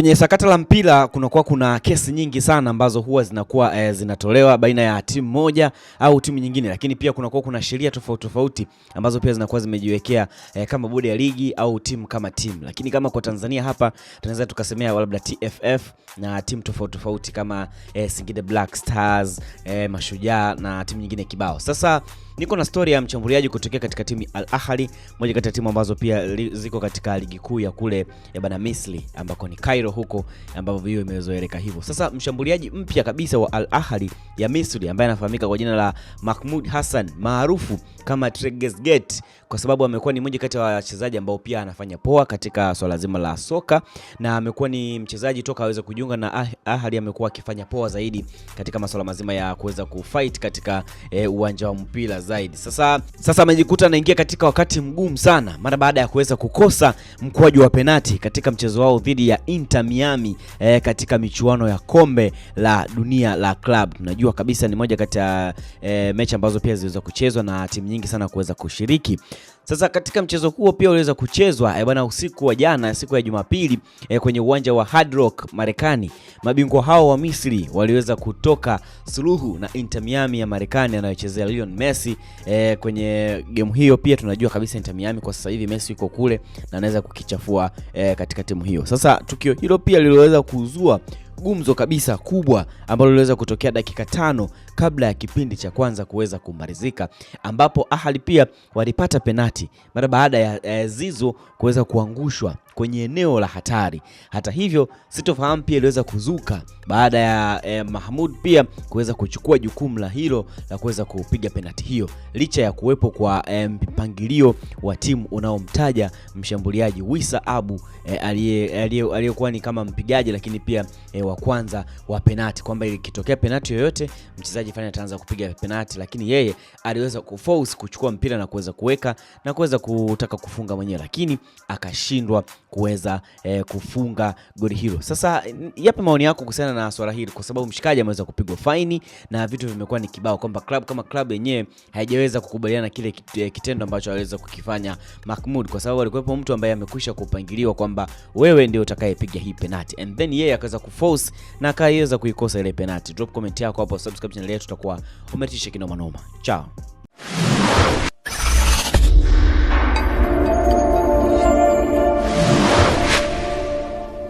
Kwenye sakata la mpira kunakuwa kuna kesi nyingi sana ambazo huwa zinakuwa e, zinatolewa baina ya timu moja au timu nyingine, lakini pia kunakuwa kuna sheria tofauti tofauti ambazo pia zinakuwa zimejiwekea e, kama bodi ya ligi au timu kama timu. Lakini kama kwa Tanzania hapa tunaweza tukasemea labda TFF na timu tofauti tofauti kama e, Singida Black Stars, e, Mashujaa na timu nyingine kibao. Sasa Niko na story ya mchambuliaji kutokea katika timu Al Ahly, moja kati ya timu ambazo pia li, ziko katika ligi kuu ya kule ya bana Misri ambako ni Cairo huko ambapo hiyo imezoeleka hivyo. Sasa mshambuliaji mpya kabisa wa Al Ahly ya Misri ambaye anafahamika kwa jina la Mahmoud Hassan maarufu kama Trezeguet, kwa sababu amekuwa ni moja kati ya wachezaji ambao pia anafanya poa katika swala zima la soka na amekuwa ni mchezaji toka aweze kujiunga na Ahly, amekuwa akifanya poa zaidi katika masuala mazima ya kuweza kufight katika eh, uwanja e, wa mpira zaidi. Sasa sasa amejikuta anaingia katika wakati mgumu sana, mara baada ya kuweza kukosa mkwaju wa penati katika mchezo wao dhidi ya Inter Miami eh, katika michuano ya kombe la dunia la club. Tunajua kabisa ni moja kati ya eh, mechi ambazo pia ziliweza kuchezwa na timu nyingi sana kuweza kushiriki. Sasa katika mchezo huo pia uliweza kuchezwa e, bwana usiku wa jana siku ya Jumapili e, kwenye uwanja wa Hard Rock Marekani. Mabingwa hao wa Misri waliweza kutoka suluhu na Inter Miami ya Marekani anayochezea Lionel Messi Messi eh, kwenye game hiyo. Pia tunajua kabisa Inter Miami kwa sasa hivi Messi yuko kule na anaweza kukichafua eh, katika timu hiyo. Sasa tukio hilo pia liloweza kuzua gumzo kabisa kubwa ambalo liliweza kutokea dakika tano kabla ya kipindi cha kwanza kuweza kumalizika, ambapo Ahali pia walipata penati mara baada ya, ya Zizo kuweza kuangushwa kwenye eneo la hatari. Hata hivyo, sitofahamu pia iliweza kuzuka baada ya eh, Mahmud pia kuweza kuchukua jukumu la hilo la kuweza kupiga penati hiyo, licha ya kuwepo kwa eh, mpangilio wa timu unaomtaja mshambuliaji Wisa Abu eh, aliyekuwa ni kama mpigaji lakini pia eh, wa kwanza wa penati, kwamba ilikitokea penati yoyote mchezaji fani ataanza kupiga penati, lakini yeye aliweza kuforce kuchukua mpira na kuweza kuweka na kuweza kutaka kufunga mwenyewe, lakini akashindwa kuweza eh, kufunga goli hilo. Sasa yapi maoni yako kuhusiana na swala hili, kwa sababu mshikaji ameweza kupigwa faini na vitu vimekuwa ni kibao, kwamba klabu kama klabu yenyewe haijaweza kukubaliana kile eh, kitendo ambacho aliweza kukifanya Mahmud kwa sababu alikuwepo mtu ambaye amekwisha kupangiliwa kwamba wewe ndio utakayepiga hii penati and then yeye akaweza kuforce Vinicius na akaiweza kuikosa ile penalti. Drop comment yako hapo, subscribe channel yetu, tutakuwa umetisha kinoma noma. Ciao.